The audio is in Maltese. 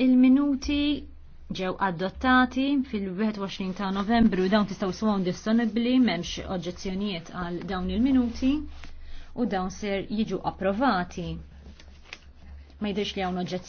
Il-minuti ġew adottati fil-21 ta' novembru dawn tistaw suwon disponibbli m'hemmx oġġezzjonijiet għal dawn il-minuti u dawn ser jiġu approvati. Ma jidhirx li hawn oġġezzjoni.